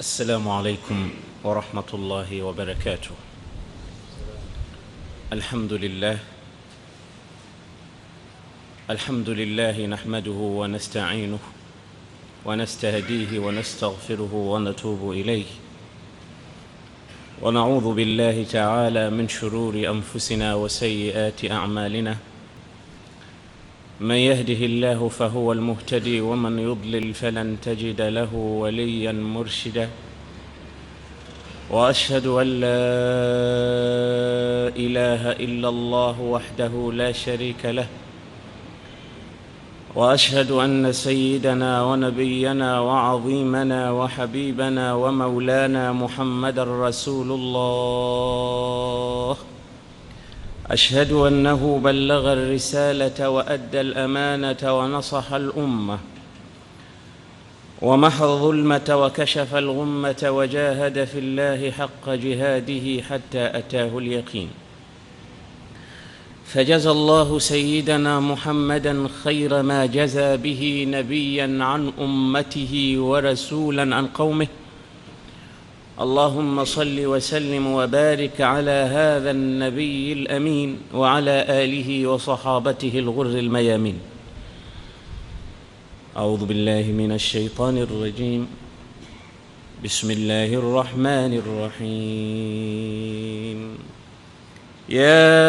السلام عليكم ورحمة الله وبركاته الحمد لله الحمد لله نحمده ونستعينه ونستهديه ونستغفره ونتوب إليه ونعوذ بالله تعالى من شرور أنفسنا وسيئات أعمالنا من يهده الله فهو المهتدي ومن يضلل فلن تجد له وليا مرشدا واشهد ان لا اله الا الله وحده لا شريك له واشهد ان سيدنا ونبينا وعظيمنا وحبيبنا ومولانا محمدا رسول الله اشهد انه بلغ الرساله وادى الامانه ونصح الامه ومحى الظلمه وكشف الغمه وجاهد في الله حق جهاده حتى اتاه اليقين فجزى الله سيدنا محمدا خير ما جزى به نبيا عن امته ورسولا عن قومه اللهم صل وسلم وبارك على هذا النبي الامين وعلى اله وصحابته الغر الميامين اعوذ بالله من الشيطان الرجيم بسم الله الرحمن الرحيم يا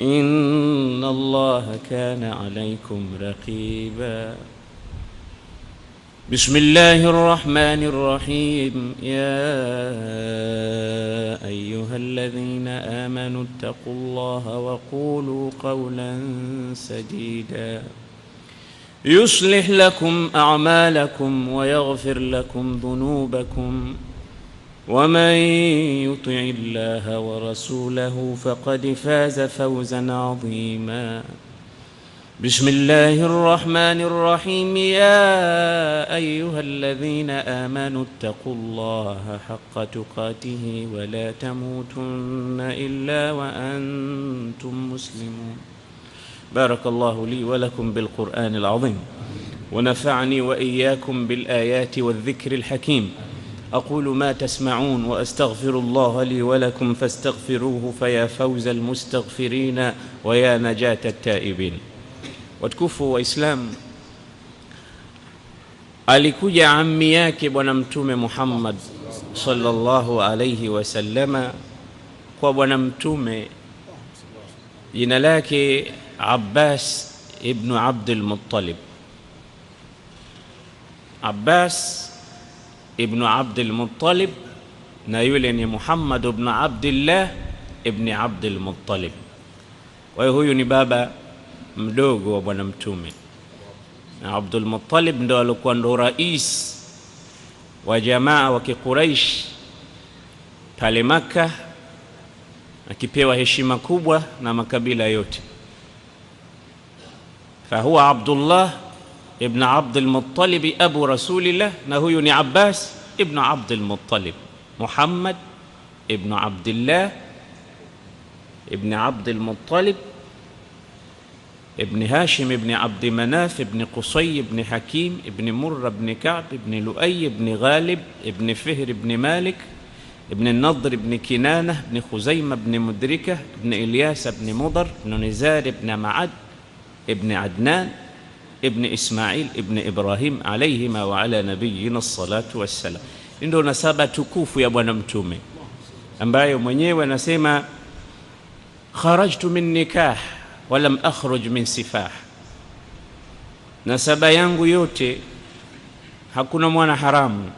إن الله كان عليكم رقيبا بسم الله الرحمن الرحيم يا أيها الذين آمنوا اتقوا الله وقولوا قولا سديدا يصلح لكم أعمالكم ويغفر لكم ذنوبكم ومن يطع الله ورسوله فقد فاز فوزا عظيما بسم الله الرحمن الرحيم يا أيها الذين آمنوا اتقوا الله حق تقاته ولا تموتن إلا وأنتم مسلمون بارك الله لي ولكم بالقرآن العظيم ونفعني وإياكم بالآيات والذكر الحكيم أقول ما تسمعون وأستغفر الله لي ولكم فاستغفروه فيا فوز المستغفرين ويا نجاة التائبين watukufu wa Islam, alikuja ammi yake Bwana Mtume Muhammad sallallahu alayhi wasallama kwa Bwana Mtume, jina lake Abbas ibnu Abdul Muttalib. Abbas ابن عبد المطلب نايولني محمد بن عبد الله ابن عبد المطلب وهو ni baba mdogo wa bwana mtume na Abdul Muttalib ndo alikuwa ndo rais wa jamaa wa Kikuraish pale Makka akipewa heshima kubwa na makabila yote fahuwa Abdullah ابن عبد المطلب أبو رسول الله نهيني عباس ابن عبد المطلب محمد ابن عبد الله ابن عبد المطلب ابن هاشم ابن عبد مناف ابن قصي ابن حكيم ابن مر ابن كعب ابن لؤي ابن غالب ابن فهر ابن مالك ابن النضر ابن كنانة ابن خزيمة ابن مدركة ابن إلياس ابن مضر ابن نزار ابن معد ابن عدنان ibni Ismail ibni Ibrahim alaihima wa ala nabiyina salatu wassalam. Ndio nasaba tukufu ya Bwana Mtume ambayo mwenyewe anasema kharajtu min nikah walam akhruj min sifah, nasaba yangu yote hakuna mwana haramu,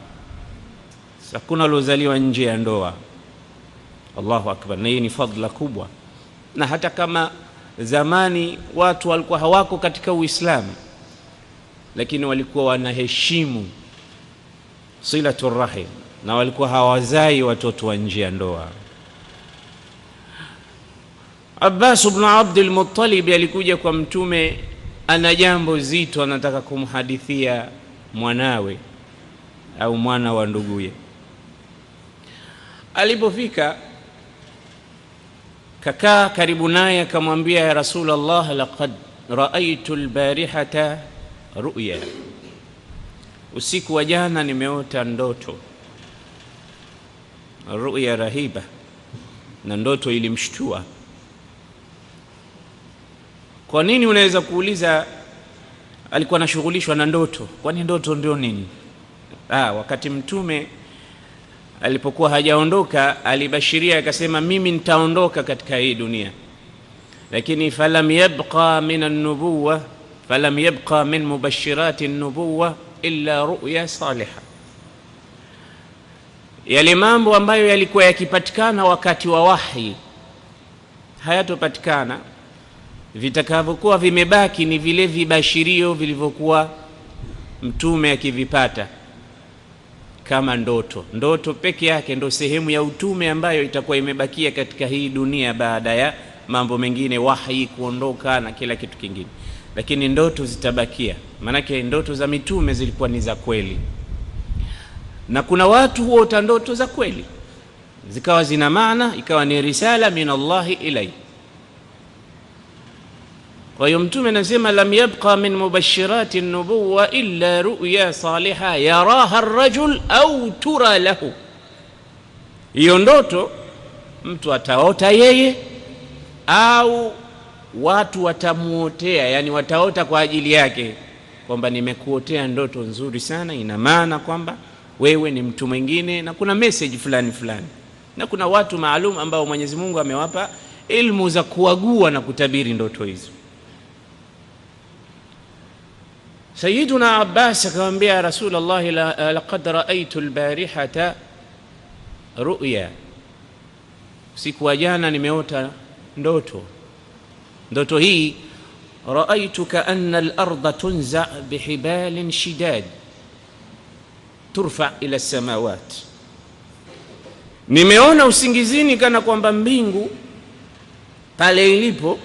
hakuna aliozaliwa nje ya ndoa. Allahu akbar! Na hii ni fadla kubwa, na hata kama zamani watu walikuwa hawako katika Uislamu lakini walikuwa wanaheshimu silatu rahim na walikuwa hawazai watoto wa nje ya ndoa. Abbas ibn Abdul Muttalib alikuja kwa Mtume, ana jambo zito anataka kumhadithia mwanawe au mwana wa nduguye. Alipofika kakaa karibu naye, akamwambia ya Rasulullah, laqad raaitu lbarihata ruya, usiku wa jana nimeota ndoto ruya rahiba, na ndoto ilimshtua. Kwa nini? Unaweza kuuliza, alikuwa anashughulishwa na ndoto. Kwani ndoto ndio nini? Ah, wakati Mtume alipokuwa hajaondoka alibashiria akasema, mimi nitaondoka katika hii dunia, lakini falam yabqa min an falam yabqa min mubashirati nubuwa illa ruya saliha, yale mambo ambayo yalikuwa yakipatikana wakati wa wahi hayatopatikana. Vitakavyokuwa vimebaki ni vile vibashirio vilivyokuwa mtume akivipata kama ndoto. Ndoto peke yake ndo sehemu ya utume ambayo itakuwa imebakia katika hii dunia baada ya mambo mengine, wahi kuondoka na kila kitu kingine lakini ndoto zitabakia, maanake ndoto za mitume zilikuwa ni za kweli, na kuna watu huota ndoto za kweli zikawa zina maana, ikawa ni risala min Allahi ilai. Kwa hiyo Mtume anasema lam yabqa min mubashirati nubuwa illa ruya saliha yaraha rajul au tura lahu, hiyo ndoto mtu ataota yeye au watu watamuotea, yani wataota kwa ajili yake kwamba nimekuotea ndoto nzuri sana. Ina maana kwamba wewe ni mtu mwingine, na kuna message fulani fulani, na kuna watu maalum ambao Mwenyezi Mungu amewapa ilmu za kuagua na kutabiri ndoto hizo. Sayyiduna Abbas akamwambia Rasulullah, laqad raaitu albarihata ruya, usiku wa jana nimeota ndoto ndoto hii raaituka anna larda tunza bihibalin shidad turfa ila samawat nimeona usingizini kana kwamba mbingu pale ilipo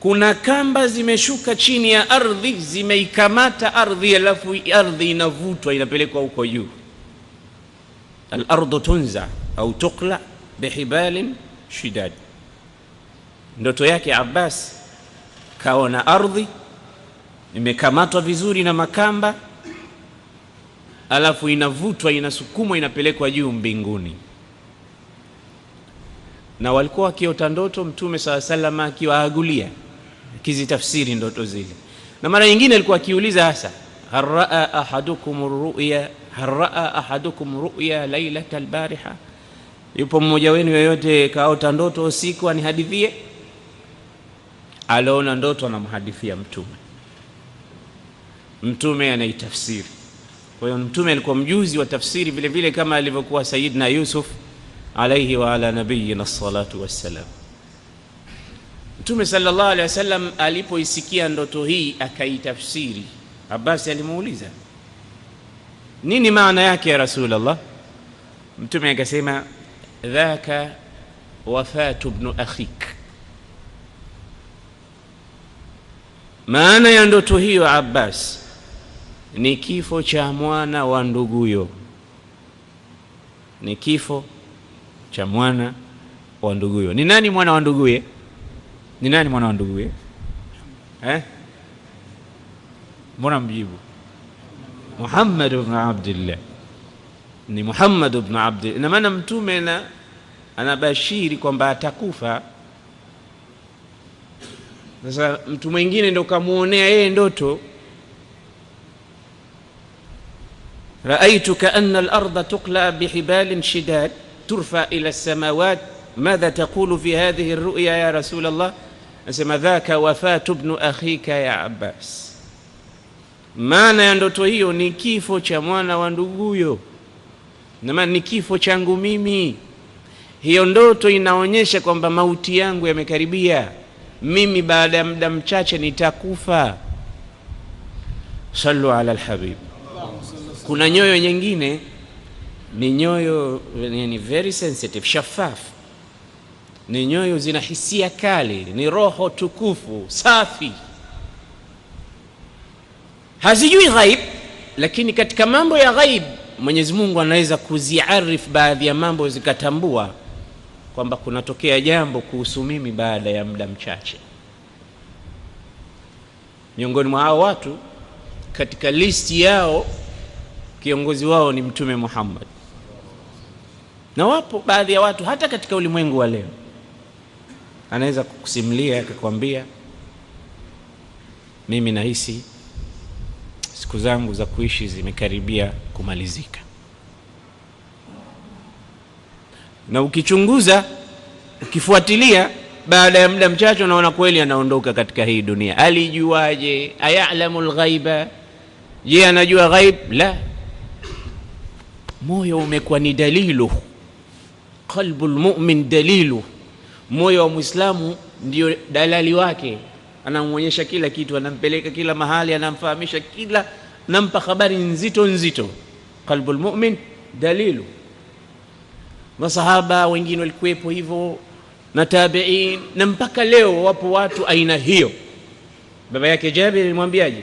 kuna kamba zimeshuka chini ya ardhi zimeikamata ardhi alafu ardhi inavutwa inapelekwa huko juu alardu tunza au tukla bihibalin shidad Ndoto yake Abbas kaona ardhi imekamatwa vizuri na makamba, alafu inavutwa, inasukumwa, inapelekwa juu mbinguni. Na walikuwa wakiota ndoto, Mtume saa salama akiwaagulia, akizitafsiri ndoto zile, na mara nyingine alikuwa akiuliza hasa haraa ahadukum ruya haraa ahadukum ruya lailata albariha, yupo mmoja wenu yoyote kaota ndoto usiku anihadithie? aliona ndoto anamhadithia Mtume, Mtume anaitafsiri. Kwa hiyo Mtume alikuwa mjuzi wa tafsiri vile vile kama alivyokuwa Sayidna Yusuf alaihi wa ala nabiyina salatu wassalam. Mtume sallallahu alayhi wasallam alipoisikia ndoto hii akaitafsiri. Abasi alimuuliza nini maana yake ya Rasulullah? Mtume akasema dhaka wafatu ibn akhik Maana ya ndoto hiyo Abbas ni kifo cha mwana wa nduguyo, ni kifo cha mwana wa nduguyo. Ni nani mwana wa nduguye? Ni nani mwana wa nduguye eh? Mbona mjibu? Muhammad ibn Abdillah, ni Muhammad ibn Abdillah. Ina maana mtume na anabashiri kwamba atakufa Sasa mtu mwingine ndo kamuonea yeye ndoto, raaitu kaana larda tukla bihibalin shidad turfa ila lsamawat madha taqulu fi hadhihi ruya ya rasul llah Anasema dhaka wafatu bnu akhika ya Abbas. Maana ya ndoto hiyo ni kifo cha mwana wa nduguyo, na ni kifo changu mimi. Hiyo ndoto inaonyesha kwamba mauti yangu yamekaribia. mimi baada ya muda mchache nitakufa. Sallu ala alhabib. Kuna nyoyo nyingine ni nyoyo ni very sensitive, shafaf, ni nyoyo zina hisia kali, ni roho tukufu safi, hazijui ghaib, lakini katika mambo ya ghaib Mwenyezi Mungu anaweza kuziarifu baadhi ya mambo zikatambua kwamba kunatokea jambo kuhusu mimi baada ya muda mchache. Miongoni mwa hao watu katika listi yao kiongozi wao ni Mtume Muhammad, na wapo baadhi ya watu hata katika ulimwengu wa leo anaweza kukusimulia akakwambia, mimi nahisi siku zangu za kuishi zimekaribia kumalizika. na ukichunguza ukifuatilia baada ya muda mchache unaona kweli anaondoka katika hii dunia. Alijuaje? ayalamu lghaiba, je anajua ghaib? La, moyo umekuwa ni dalilu, qalbu lmumin dalilu, moyo wa mwislamu ndio dalali wake, anamwonyesha kila kitu, anampeleka kila mahali, anamfahamisha kila, nampa habari nzito nzito. Qalbu lmumin dalilu masahaba wengine walikuwepo hivyo na tabiin, na mpaka leo wapo watu aina hiyo. Baba yake Jabir alimwambiaje?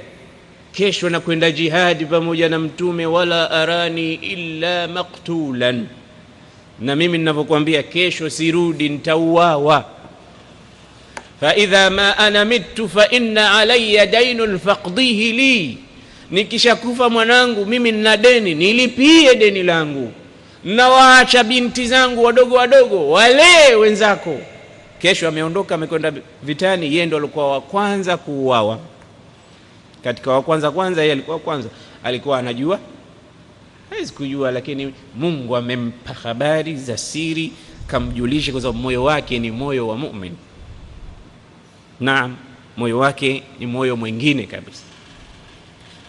Kesho nakwenda jihadi pamoja na Mtume, wala arani illa maktulan, na mimi ninavyokuambia kesho sirudi, nitauawa. faidha ma ana mittu faina alaya dainun fakdihi li, nikishakufa mwanangu, mimi nina deni, nilipie deni langu nawaacha binti zangu wadogo wadogo walee wenzako. Kesho ameondoka amekwenda vitani, yeye ndo alikuwa wa kwanza kuuawa katika wa kwanza kwanza. Yeye alikuwa kwanza, alikuwa anajua, hawezi kujua, lakini Mungu amempa habari za siri, kamjulishe, kwa sababu moyo wake ni moyo wa mumin. Naam, moyo wake ni moyo mwingine kabisa.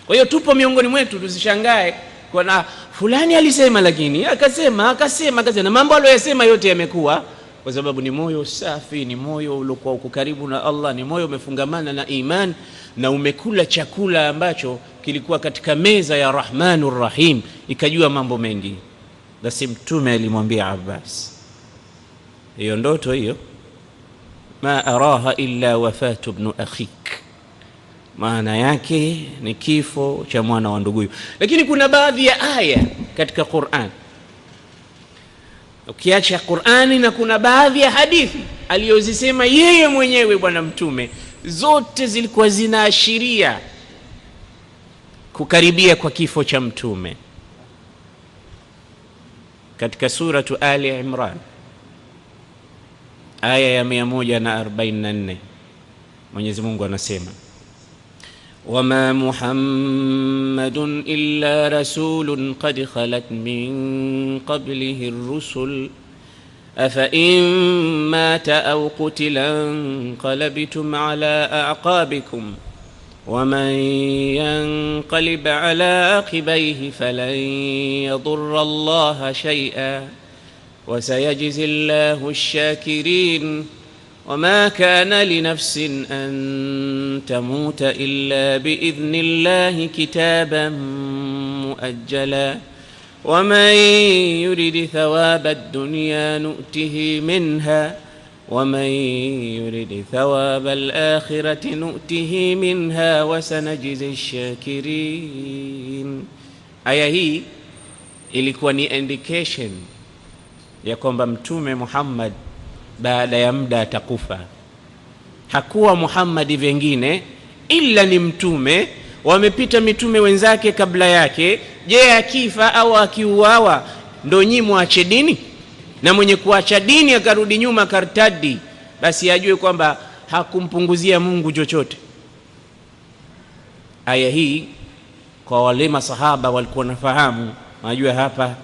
Kwa hiyo tupo miongoni mwetu, tusishangae kwa na fulani alisema, lakini akasema akasema akasema, na mambo aliyosema yote yamekuwa, kwa sababu ni moyo safi, ni moyo uliokuwa uko karibu na Allah, ni moyo umefungamana na iman, na umekula chakula ambacho kilikuwa katika meza ya Rahmanur Rahim, ikajua mambo mengi. Basi Mtume alimwambia Abbas, hiyo ndoto hiyo ma araha illa wafatu ibn akhi maana yake ni kifo cha mwana wa nduguyu. Lakini kuna baadhi ya aya katika Qur'an, ukiacha Qur'ani na kuna baadhi ya hadithi aliyozisema yeye mwenyewe Bwana Mtume, zote zilikuwa zinaashiria kukaribia kwa kifo cha Mtume. Katika suratu Ali Imran aya ya 144 Mwenyezi Mungu anasema وما محمد إلا رسول قد خلت من قبله الرسل أفإن مات أو قتلا انقلبتم على أعقابكم ومن ينقلب على عقبيه فلن يضر الله شيئا وسيجزي الله الشاكرين وما كان لنفس أن تموت إلا بإذن الله كتابا مؤجلا ومن يرد ثواب الدنيا نؤته منها ومن يرد ثواب الآخرة نؤته منها وسنجزي الشاكرين آية هي إلي ni indication يا كومبا محمد baada ya muda atakufa. Hakuwa Muhammadi vingine ila ni mtume, wamepita mitume wenzake kabla yake. Je, akifa au akiuawa ndo nyi mwache dini? Na mwenye kuacha dini akarudi nyuma kartadi, basi ajue kwamba hakumpunguzia Mungu chochote. Aya hii kwa wale masahaba walikuwa nafahamu, najua hapa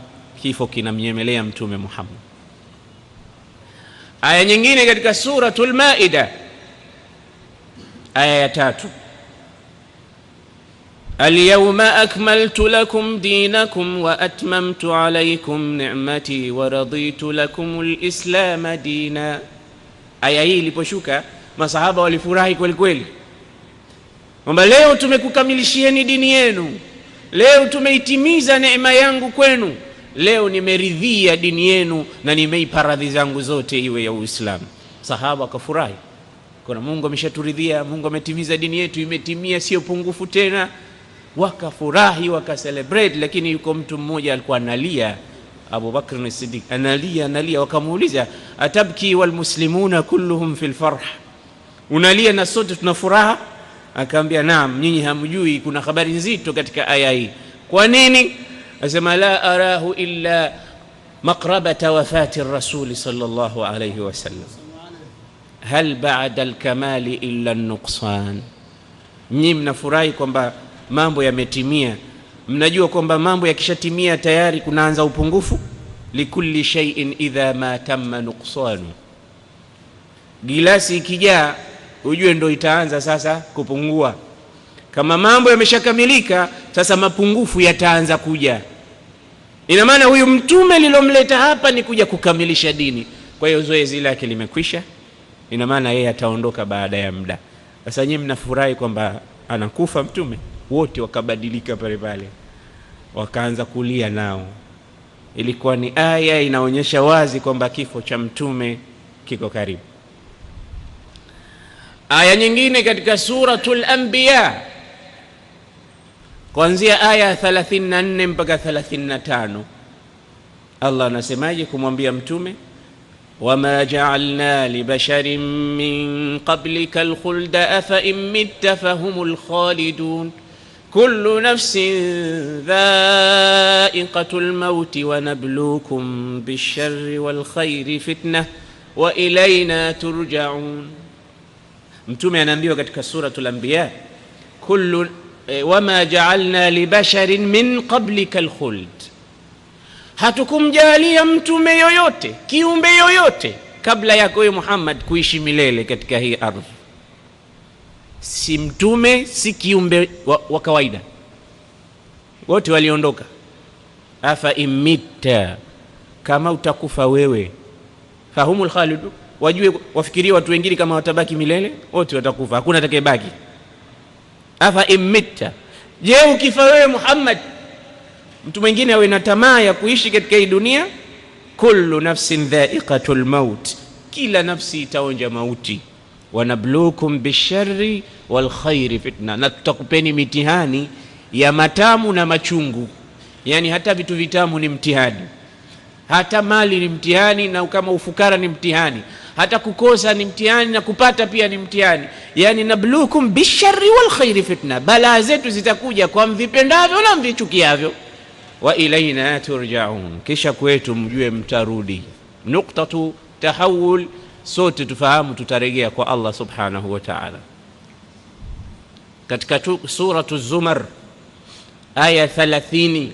kifo kinamnyemelea Mtume Muhammad aya nyingine katika suratul Maida aya ya tatu اليوم أكملت لكم دينكم وأتممت عليكم نعمتي ورضيت لكم الإسلام dina aya hii iliposhuka masahaba walifurahi kweli kweli kwamba leo tumekukamilishieni dini yenu leo tumeitimiza neema yangu kwenu leo nimeridhia dini yenu na nimeipa radhi zangu zote iwe ya Uislamu. Sahaba akafurahi, kuna Mungu ameshaturidhia, Mungu ametimiza dini yetu, imetimia, sio pungufu tena. Wakafurahi, wakaselebrate. Lakini yuko mtu mmoja alikuwa analia, Abu Bakr siddiq analia, analia. Wakamuuliza, atabki walmuslimuna kulluhum fil farh, unalia na sote tuna furaha? Akaambia, naam, nyinyi hamjui, kuna habari nzito katika aya hii. Kwa nini? أزما لا أراه إلا مقربة وفاة الرسول صلى الله عليه وسلم هل بعد الكمال إلا النقصان nyinyi mnafurahi kwamba mambo yametimia mnajua kwamba mambo yakishatimia tayari kunaanza upungufu likulli shay'in idha ma tamma nuqsanu gilasi ikijaa ujue ndo itaanza sasa kupungua Kama mambo yameshakamilika, sasa mapungufu yataanza kuja. Ina maana huyu mtume lilomleta hapa ni kuja kukamilisha dini. Kwa hiyo zoezi lake limekwisha, ina maana yeye ataondoka baada ya muda. Sasa nyinyi mnafurahi kwamba anakufa mtume, wote wakabadilika pale pale, wakaanza kulia nao. Ilikuwa ni aya inaonyesha wazi kwamba kifo cha mtume kiko karibu. Aya nyingine katika Suratul Anbiya Kuanzia aya 34 mpaka 35 Allah anasemaje kumwambia mtume wama jaalna li basharin min qablika alkhulda afa imitta fahumul khalidun kullu nafsin dhaiqatul mauti nabluukum bisharri wal khairi fitna wa ilayna turjaun. Mtume anaambiwa katika Suratul Anbiya kullu e, wama jaalna libasharin min qablika lkhuld, hatukumjaalia mtume yoyote kiumbe yoyote kabla yako wewe Muhammad kuishi milele katika hii ardhi, si mtume si kiumbe wa, wa kawaida, wote waliondoka. afa imita, kama utakufa wewe, fahumul khalidu, wajue wafikirie watu wengine kama watabaki milele, wote watakufa, hakuna atakayebaki afa imitta, je ukifa wewe Muhammad, mtu mwingine awe na tamaa ya kuishi katika hii dunia. Kullu nafsin dha'iqatul maut, kila nafsi itaonja mauti. Wanabluukum bishari wal khairi fitna, na tutakupeni mitihani ya matamu na machungu. Yani hata vitu vitamu ni mtihani, hata mali ni mtihani, na kama ufukara ni mtihani hata kukosa ni mtihani na kupata pia ni mtihani. Yani, nabluukum bishari walkhairi fitna, balaa zetu zitakuja kwa mvipendavyo na mvichukiavyo. Wa ilaina turjaun, kisha kwetu mjue mtarudi. Nuktatu tahawul, sote tufahamu tutaregea kwa Allah subhanahu wa ta'ala. Katika Suratu Zumar aya 30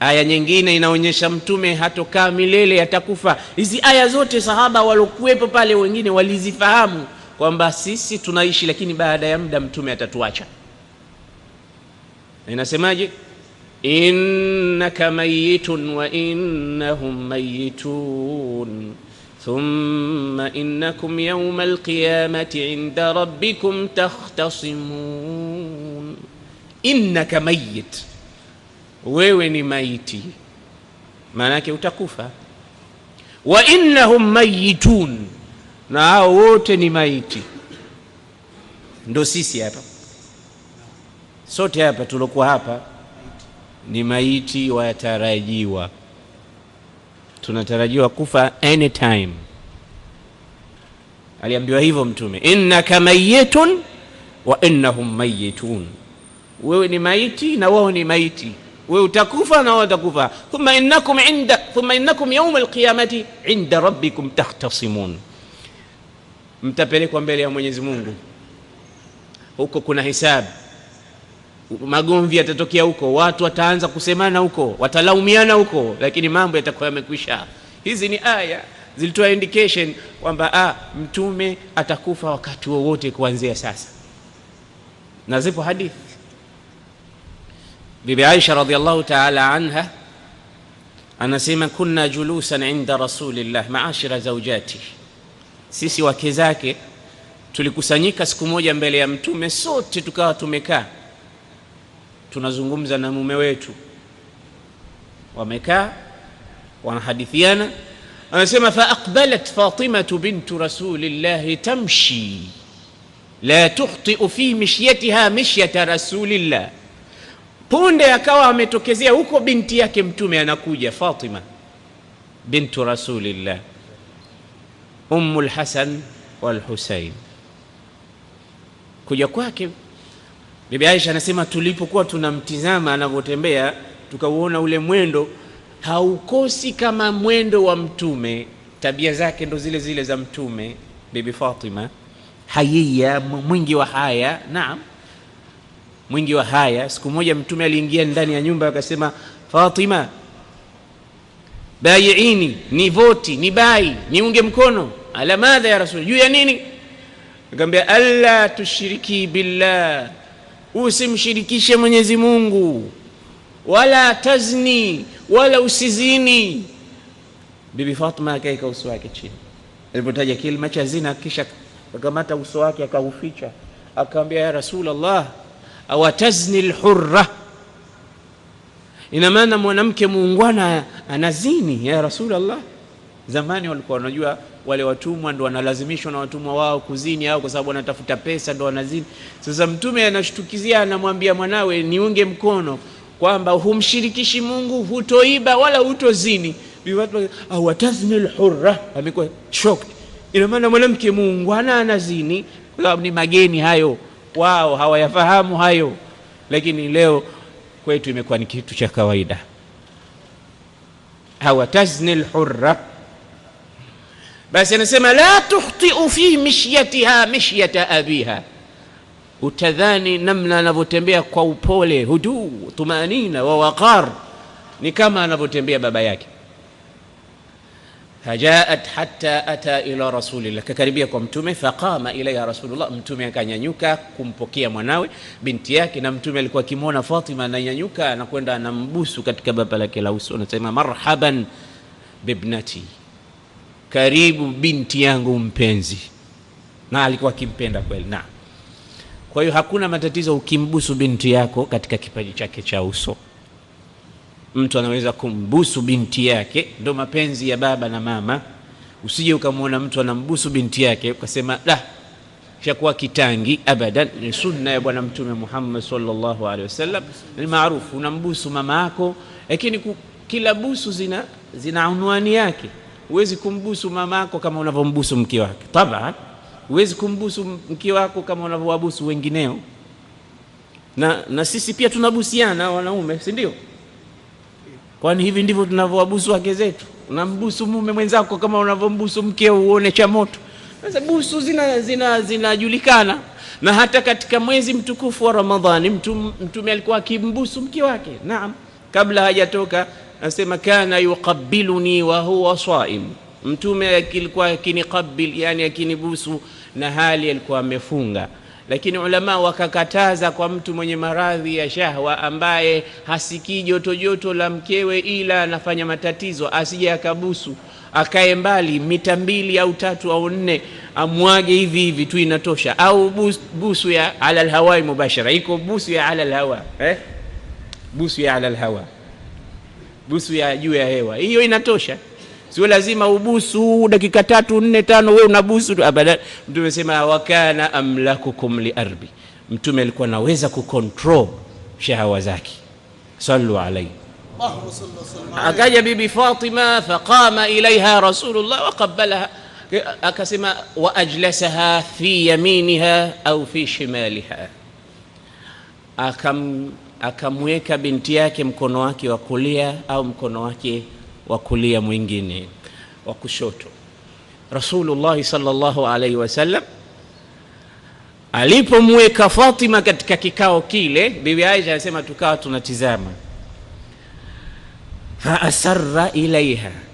Aya nyingine inaonyesha mtume hatokaa milele, atakufa. Hizi aya zote sahaba walokuwepo pale wengine walizifahamu kwamba sisi tunaishi, lakini baada ya muda mtume atatuacha. Inasemaje? innaka mayitun wa innahum mayitun thumma innakum yawma alqiyamati inda rabbikum takhtasimun. innaka mayit wewe ni maiti, maana yake utakufa. Wa innahum mayitun, na hao wote ni maiti. Ndo sisi hapa sote hapa tulokuwa hapa ni maiti watarajiwa, tunatarajiwa kufa anytime. Aliambiwa hivyo Mtume, innaka mayitun wa innahum mayitun, wewe ni maiti na wao ni maiti we utakufa na wao watakufa. Thumma innakum inda thumma innakum yawm alqiyamati inda rabbikum tahtasimun, mtapelekwa mbele ya Mwenyezi Mungu. Huko kuna hisabu, magomvi yatatokea huko, watu wataanza kusemana huko, watalaumiana huko, lakini mambo yatakuwa yamekwisha. Hizi ni aya zilitoa indication kwamba ah, mtume atakufa wakati wowote kuanzia sasa, na zipo hadithi بيبي عائشة رضي الله تعالى عنها أنا سيما كنا جلوسا عند رسول الله معاشر زوجاتي سيسي وكزاكي تلكسانيكا سكمو جنبالي أمتومي سوتي تكاو تمكا تنزنغمزا نمومي ويتو ومكا ونحدثيانا أنا سيما فأقبلت فاطمة بنت رسول الله تمشي لا تخطئ في مشيتها مشية رسول الله Punde akawa ametokezea huko binti yake Mtume anakuja, Fatima bintu Rasulillah, ummu lhasan walhusain. Kuja kwake Bibi Aisha anasema tulipokuwa tunamtizama anavyotembea, tukauona ule mwendo haukosi kama mwendo wa Mtume, tabia zake ndo zile zile za Mtume. Bibi Fatima hayiya mwingi wa haya, naam mwingi wa haya. Siku moja Mtume aliingia ndani ya nyumba akasema, Fatima bayiini, ni voti ni bai niunge mkono. Ala madha ya Rasul, juu ya nini? Akamwambia, alla tushiriki billah, usimshirikishe Mwenyezi Mungu, wala tazni, wala usizini. Bibi Fatima akaeka uso wake chini alipotaja kilima cha zina, kisha akamata uso wake akauficha, akamwambia ya Rasulullah awatazni lhurra ina maana mwanamke muungwana anazini ya rasulllah zamani walikuwa wanajua wale watumwa ndo wanalazimishwa na watumwa wao kuzini au kwa sababu wanatafuta pesa ndo wanazini sasa mtume anashtukizia anamwambia mwanawe niunge mkono kwamba humshirikishi mungu hutoiba wala hutozini watazni lhurra amekuwa shocked ina maana mwanamke muungwana anazini kwa sababu ni mageni hayo wao hawayafahamu hayo, lakini leo kwetu imekuwa ni kitu cha kawaida. hawatazni lhurra, basi anasema la tuhtiu fi mishyatiha mishyata abiha, utadhani namna anavyotembea kwa upole, hudu tumanina wa waqar, ni kama anavyotembea baba yake fajaat hatta ata ila rasulillah, kakaribia kwa mtume. Faqama ilaiha rasulullah, mtume akanyanyuka kumpokea mwanawe binti yake. Na mtume alikuwa akimwona Fatima ananyanyuka anakwenda anambusu katika baba lake la uso, anasema marhaban bibnati, karibu binti yangu mpenzi. Na alikuwa akimpenda kweli. Na kwa hiyo hakuna matatizo ukimbusu binti yako katika kipaji chake cha uso mtu anaweza kumbusu binti yake, ndo mapenzi ya baba na mama. Usije ukamwona mtu anambusu binti yake ukasema la shakuwa kitangi. Abadan, ni sunna ya Bwana Mtume Muhammad sallallahu alaihi wasallam, ni maarufu. Unambusu mama yako, lakini kila busu zina, zina unwani yake. Huwezi kumbusu mama yako kama unavyombusu mke wake taba huwezi kumbusu mke wako kama unavyowabusu wengineo. Na, na sisi pia tunabusiana wanaume, si ndio? Kwani hivi ndivyo tunavyowabusu wake zetu? Unambusu mume mwenzako kama unavyombusu mke uone cha moto. Sasa busu zinajulikana zina, zina na hata katika mwezi mtukufu wa Ramadhani Mtume alikuwa akimbusu mke wake. Naam, kabla hajatoka anasema kana yuqabbiluni wa huwa saim, Mtume alikuwa akiniqabbil, yani akinibusu na hali alikuwa amefunga. Lakini ulama wakakataza kwa mtu mwenye maradhi ya shahwa, ambaye hasikii joto joto la mkewe, ila anafanya matatizo, asije akabusu, akae mbali mita mbili au tatu au nne, amwage hivi hivi tu, inatosha. Au busu, busu ya ala alhawai mubashara, iko busu ya ala alhawa eh? busu ya ala alhawa, busu ya juu ya hewa, hiyo inatosha sio lazima ubusu dakika tatu nne tano wewe unabusu tu abada. Mtume sema wakana amlakukum liarbi, mtume alikuwa anaweza kucontrol shahawa zake. Sallu alayhi akaja bibi Fatima faqama ilaiha rasulullah waqabbalaha akasema ajlasaha fi yaminiha au fi shimaliha akam akamweka binti yake mkono wake wa kulia au mkono wake wa kulia mwingine wa kushoto. Rasulullah sallallahu alaihi wasallam alipomweka Fatima katika kikao kile, bibi Aisha anasema tukawa tunatizama, fa asarra ilaiha